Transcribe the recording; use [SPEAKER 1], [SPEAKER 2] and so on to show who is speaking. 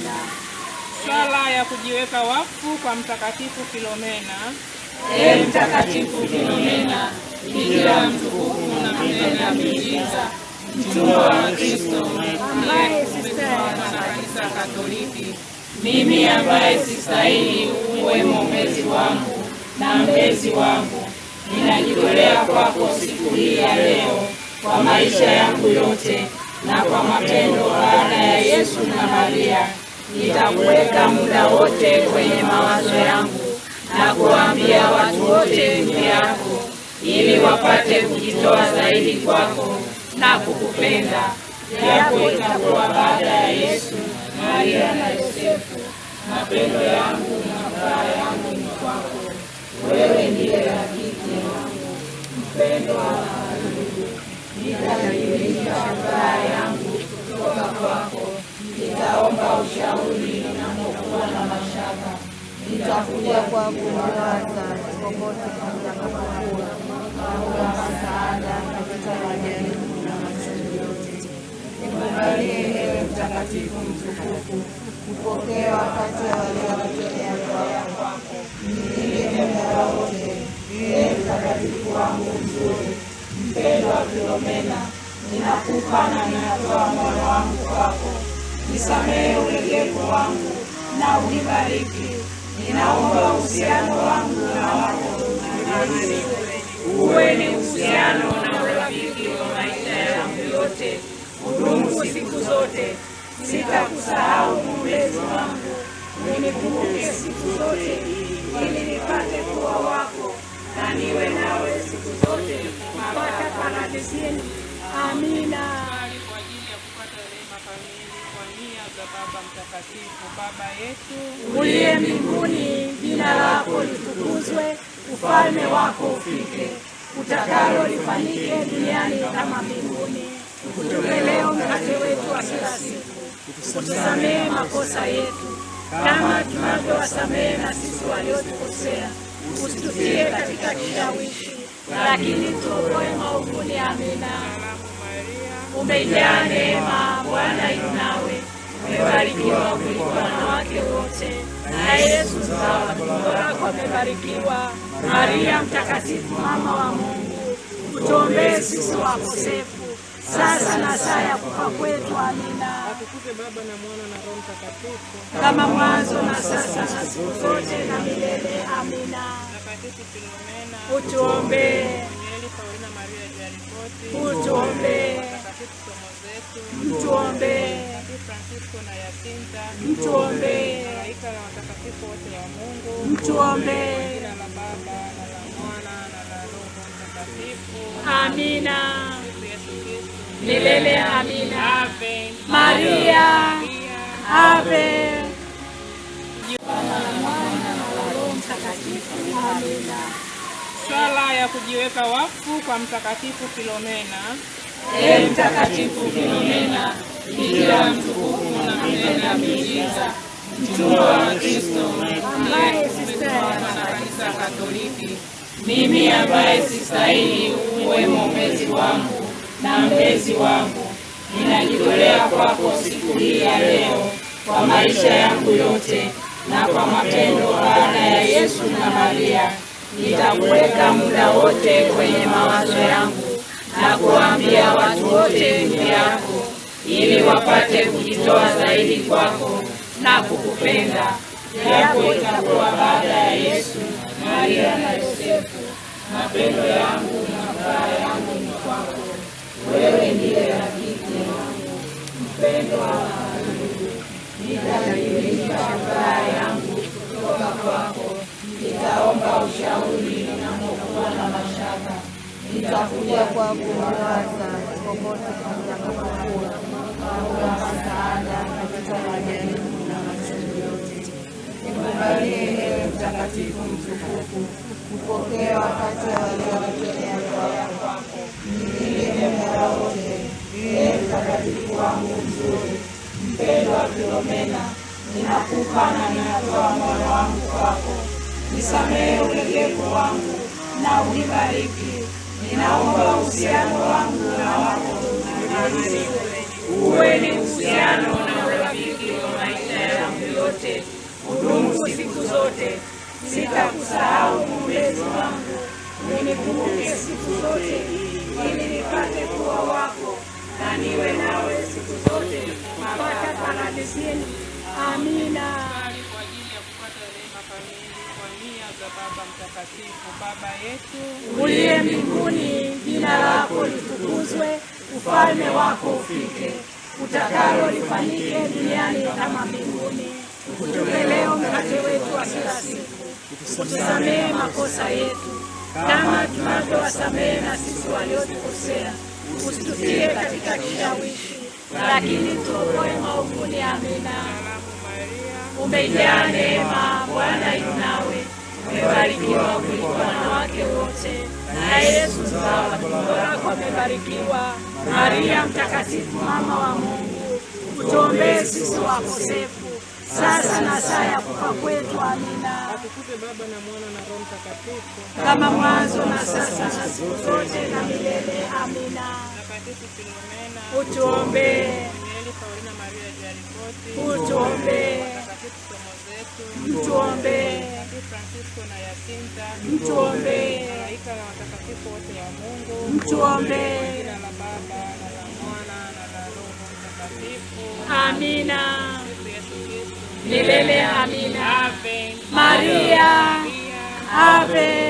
[SPEAKER 1] Filomena.
[SPEAKER 2] Sala ya kujiweka wakfu kwa Mtakatifu Filomena.
[SPEAKER 3] E Mtakatifu Filomena, bikira mtukufu na mnena miujiza, mtumwa wa Kristo ambaye umetawala na Kanisa Katoliki, mimi ambaye sistahili uwe mwombezi wangu na mlezi wangu, ninajitolea kwako siku hii ya leo kwa maisha yangu yote na kwa matendo baada ya Yesu na Maria nitakuweka muda wote kwenye mawazo yangu na kuwaambia watu wote juu yako, ili wapate kujitoa zaidi kwako na kukupenda. Yako itakuwa baada ya Yesu, Maria na Yosefu. Mapendo yangu na furaha yangu ni kwako, wewe ndiye rafiki yangu mpendo wa karibu. Nitadhihirisha furaha yangu kutoka kwako kuja kwako mlaza popote mtakapokuwa, naomba msaada katika majaribu na machungu yote. Nikubalie ewe Mtakatifu mtukufu, kupokea wakati waliokutetea toba kwako, mlinde muda wote. Ewe mtakatifu wangu mzuri, mpendwa Filomena, ninakupa na ninatoa moyo wangu kwako. Nisamehe ulegevu wangu na unibariki ninaomba uhusiano wangu na wako uwe ni uhusiano na urafiki wa maisha yangu yote, kudumu siku zote. Sitakusahau mwombezi wangu, unikumbuke siku zote, ili nipate kuwa wako na niwe nawe siku zote mpaka paradisini. Amina.
[SPEAKER 2] Baba mtakatifu, Baba yetu
[SPEAKER 4] uliye mbinguni, jina lako litukuzwe, ufalme wako ufike, utakalo lifanyike duniani kama mbinguni. Utupe leo mkate wetu wa kila siku, utusamehe makosa yetu kama tunavyowasamehe na sisi waliotukosea, usitutie katika kishawishi, lakini tuokoe maovuni. Amina. Umejaa neema, Bwana yu nawe umebarikiwa kuliko wanawake wote, na Yesu mzao wa tumbo lako amebarikiwa. Maria Mtakatifu, mama wa Mungu, utuombee sisi wakosefu sasa na saa ya kufa kwetu. Amina. Kama mwanzo na sasa na siku zote na milele. Amina. Utuombee.
[SPEAKER 2] Paulina Maria Jarikoti,
[SPEAKER 4] mtuombee. Mtakatifu
[SPEAKER 2] Somozetu,
[SPEAKER 4] mtuombee. Mtakatifu
[SPEAKER 2] Francisco na Yasinta,
[SPEAKER 4] mtuombee.
[SPEAKER 2] Malaika na watakatifu wote wa Mungu,
[SPEAKER 4] mtuombee. Jina
[SPEAKER 2] la Baba na la Mwana na la Roho Mtakatifu,
[SPEAKER 4] amina. milele, amina. Ave Maria, ave
[SPEAKER 1] Mwana na Roho Mtakatifu, amina.
[SPEAKER 2] Sala ya kujiweka wakfu kwa Mtakatifu Filomena.
[SPEAKER 3] E Mtakatifu Filomena, bikira mtukufu na mpenda miujiza, mtumwa wa Kristo ambaye umesimama na Kanisa Katoliki, mimi ambaye sistahili uwe mwombezi wangu na mlezi wangu, ninajitolea kwako siku hii ya leo kwa maisha yangu yote na kwa matendo baada ya Yesu na Maria nitakuweka muda wote kwenye mawazo yangu na kuwaambia watu wote juu yako, ili wapate kujitoa zaidi kwako na kukupenda. Yako itakuwa baada ya Yesu, Maria na Yosefu. Mapendo yangu na furaha yangu ni kwako wewe, ndiye rafiki yangu mpendwa wa ndugu, nitadhihirisha furaha yangu ushauri ninapokuwa na mashaka, nitakuja kwako haraka popote nitakapokuwa, naomba msaada katika majaribu na machungu yote. Nikubalie ewe Mtakatifu mtukufu, kupokea wakati waliotetea kwako, nilinde muda wote. Ewe Mtakatifu wangu mzuri, mpendwa Filomena, ninakupa na ninatoa moyo wangu kwako nisamehe ulegevu wangu na unibariki. Ninaomba uhusiano wangu na wako uwe ni uhusiano na urafiki wa maisha yangu yote, udumu siku zote. Sitakusahau mwombezi wangu, unikumbuke siku zote, ili nipate kuwa wako na niwe nawe siku zote mpaka paradisini. Amina.
[SPEAKER 2] Baba mtakatifu, Baba yetu
[SPEAKER 4] uliye mbinguni, jina lako litukuzwe, ufalme wako ufike, utakalo lifanyike duniani kama mbinguni. Utupe leo mkate wetu wa kila siku, utusamehe makosa yetu kama tunavyowasamehe na sisi waliotukosea, usitutie katika kishawishi, lakini tuokoe maovuni. Amina. Umejaa neema Fumbo lako umebarikiwa, Maria mtakatifu, mama wa Mungu, utuombee sisi wakosefu sasa na saa ya kufa kwetu. Amina.
[SPEAKER 2] Atukuzwe Baba na Mwana na Roho Mtakatifu,
[SPEAKER 4] kama mwanzo na sasa na siku zote na milele. Amina.
[SPEAKER 2] Mtakatifu Filomena,
[SPEAKER 4] utuombee.
[SPEAKER 2] Paulina Maria Jarikoti,
[SPEAKER 4] utuombee. Mtakatifu
[SPEAKER 2] Tomazetu,
[SPEAKER 4] mtuombee.
[SPEAKER 2] Francisco na Yasinta,
[SPEAKER 4] mtuombee
[SPEAKER 2] kanisa la watakatifu wote wa Mungu,
[SPEAKER 4] mtuombe. Jina
[SPEAKER 2] la Baba na la Mwana na la Roho Mtakatifu.
[SPEAKER 4] Amina. Yesu
[SPEAKER 2] Kristo
[SPEAKER 4] milele. Amina. Ave Maria, Ave